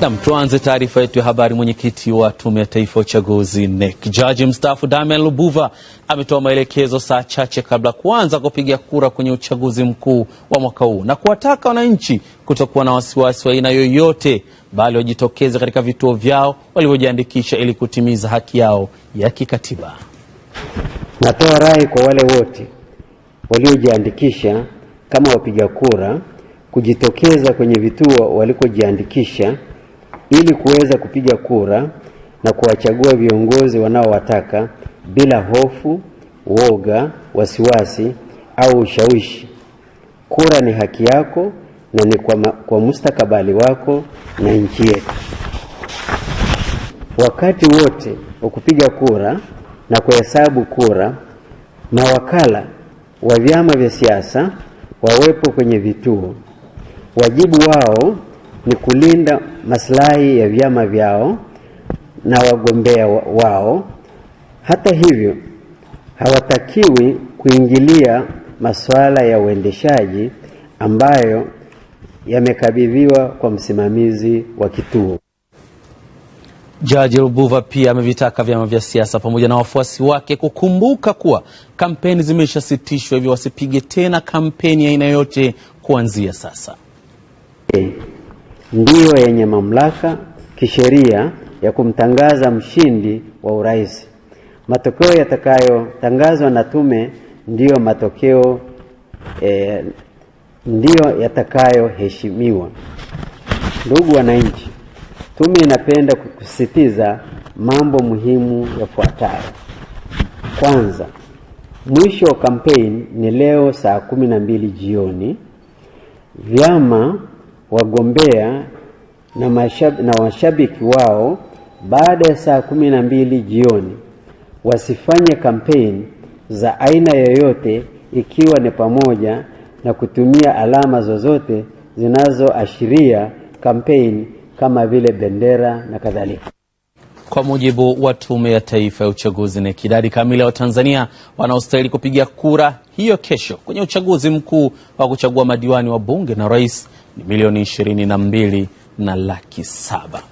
Nam, tuanze taarifa yetu ya habari. Mwenyekiti wa Tume ya Taifa ya Uchaguzi NEC, jaji mstaafu Damian Lubuva ametoa maelekezo saa chache kabla kuanza kupiga kura kwenye uchaguzi mkuu wa mwaka huu na kuwataka wananchi kutokuwa na wasiwasi wa aina yoyote, bali wajitokeze katika vituo vyao walivyojiandikisha ili kutimiza haki yao ya kikatiba. Natoa rai kwa wale wote waliojiandikisha kama wapiga kura kujitokeza kwenye vituo walikojiandikisha ili kuweza kupiga kura na kuwachagua viongozi wanaowataka bila hofu, woga, wasiwasi au ushawishi. Kura ni haki yako na ni kwa, kwa mustakabali wako na nchi yetu. Wakati wote wa kupiga kura na kuhesabu kura, mawakala wa vyama vya siasa wawepo kwenye vituo. Wajibu wao ni kulinda maslahi ya vyama vyao na wagombea wao. Hata hivyo, hawatakiwi kuingilia masuala ya uendeshaji ambayo yamekabidhiwa kwa msimamizi wa kituo. Jaji Rubuva pia amevitaka vyama vya siasa pamoja na wafuasi wake kukumbuka kuwa kampeni zimeshasitishwa, hivyo wasipige tena kampeni ya aina yoyote kuanzia sasa. Okay ndiyo yenye mamlaka kisheria ya kumtangaza mshindi wa urais. Matokeo yatakayotangazwa na tume ndiyo matokeo eh, ndiyo yatakayoheshimiwa. Ndugu wananchi, tume inapenda kusisitiza mambo muhimu yafuatayo. Kwanza, mwisho wa kampeni ni leo saa kumi na mbili jioni. Vyama wagombea na, mashab, na washabiki wao baada ya saa kumi na mbili jioni wasifanye kampeni za aina yoyote ikiwa ni pamoja na kutumia alama zozote zinazoashiria kampeni kama vile bendera na kadhalika. Kwa mujibu wa Tume ya Taifa ya Uchaguzi, na idadi kamili ya Watanzania wanaostahili kupiga kura hiyo kesho kwenye uchaguzi mkuu wa kuchagua madiwani wa bunge na rais ni milioni ishirini na mbili na laki saba.